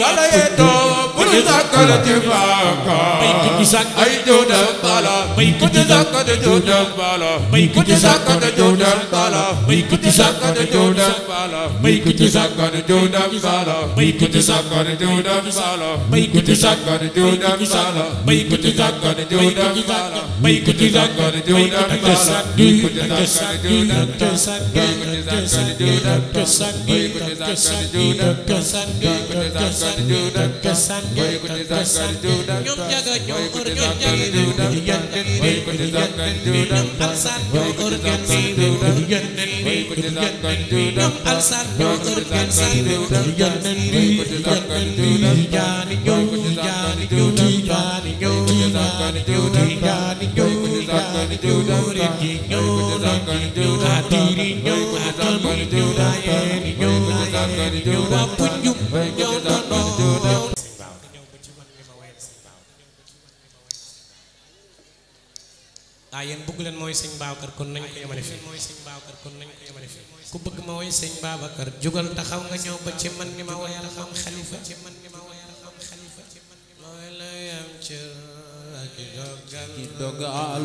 wala yee doo تذكرت فاقا أي جودا بالا كنت ذكرت جودا بالا كنت ذكرت جودا بالا كنت ذكرت جودا بالا كنت ذكرت جودا بالا كنت ذكرت جودا بالا كنت ذكرت جودا بالا كنت ذكرت جودا بالا كنت ذكرت جودا بالا كنت ذكرت جودا بالا كنت ذكرت جودا بالا Put you tëggu leen mooy sëñ Babacar kon nañ ko ku bëgg ma woy sëñ Babacar jugal taxaw nga ñëw ba ci man ni ma woyal xam xalifa ci man ni ma woyal xam xalifa ma woyal am ci ki dogal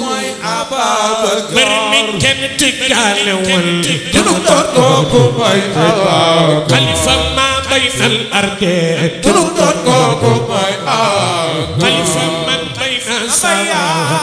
mooy Ababacar mbir mi kenn tiggaalewul tunu doon kooku mooy Ababacar xalifa maa bay al arde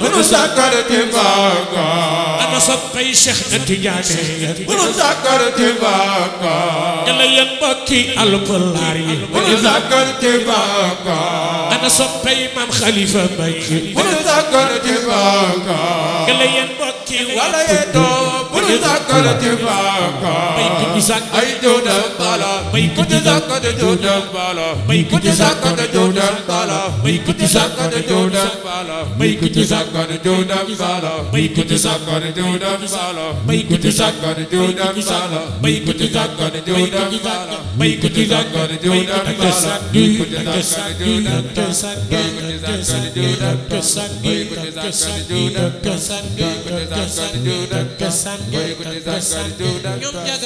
bunu sakkarti baka ana soppay Cheikh na Tijaane bunu sakkarti baka ñala yéen mbokki alpulaar yi bunu sakkarti baka ana soppay Maam Khalifa Mbaye bunu sakkarti baka ñala yéen mbokki wala yeto bunu sakkarti baka بيك إساك أي جود بالا بيك إساك جود بالا بيك إساك جود بالا بيك إساك جود بالا بيك إساك جود بالا بيك إساك جود بالا بيك إساك جود بالا بيك إساك جود بالا بيك إساك جود بالا بيك إساك جود بالا بيك إساك جود بالا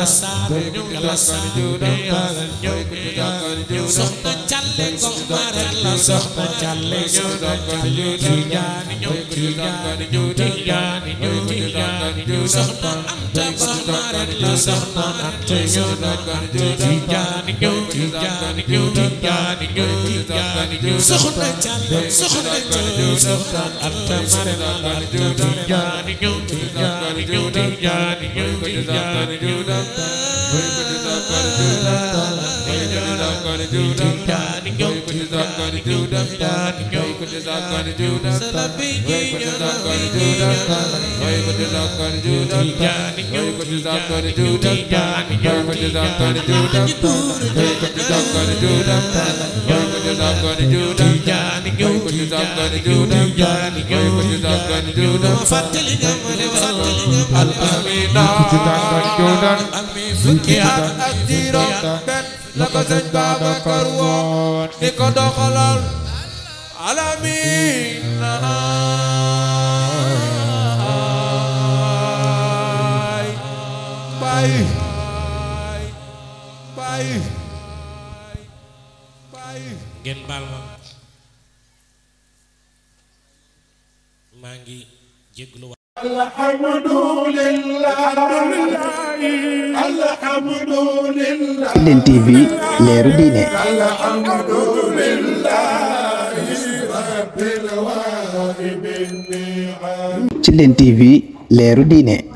la saal ñu ngi la soxna Diallo soxna Diallo soxna Anta Marème Anta Diagne ñëw Diagne ñëw Diagne ñëw Diagne ñëw Diagne ñëw Diagne ñëw going to do them done. Yo, could is not going to do them done. Yo, could is not going to do them done. Yo, could is not going to do them done. Yo, could is not going to do them done. Yo, could is not going to do them done. Yo, could is not going to do them done. Yo, could is not going to do them done. Yo, could is not going to do them done. Yo, could is not going to do them done. Al-Amina, Al-Amina, Al-Amina, Al-Amina, Al-Amina, la ko sëñ Babacar woon di ko doxalal alamina bay bay ngi Tilène TV leeru diine Tilène TV leeru diine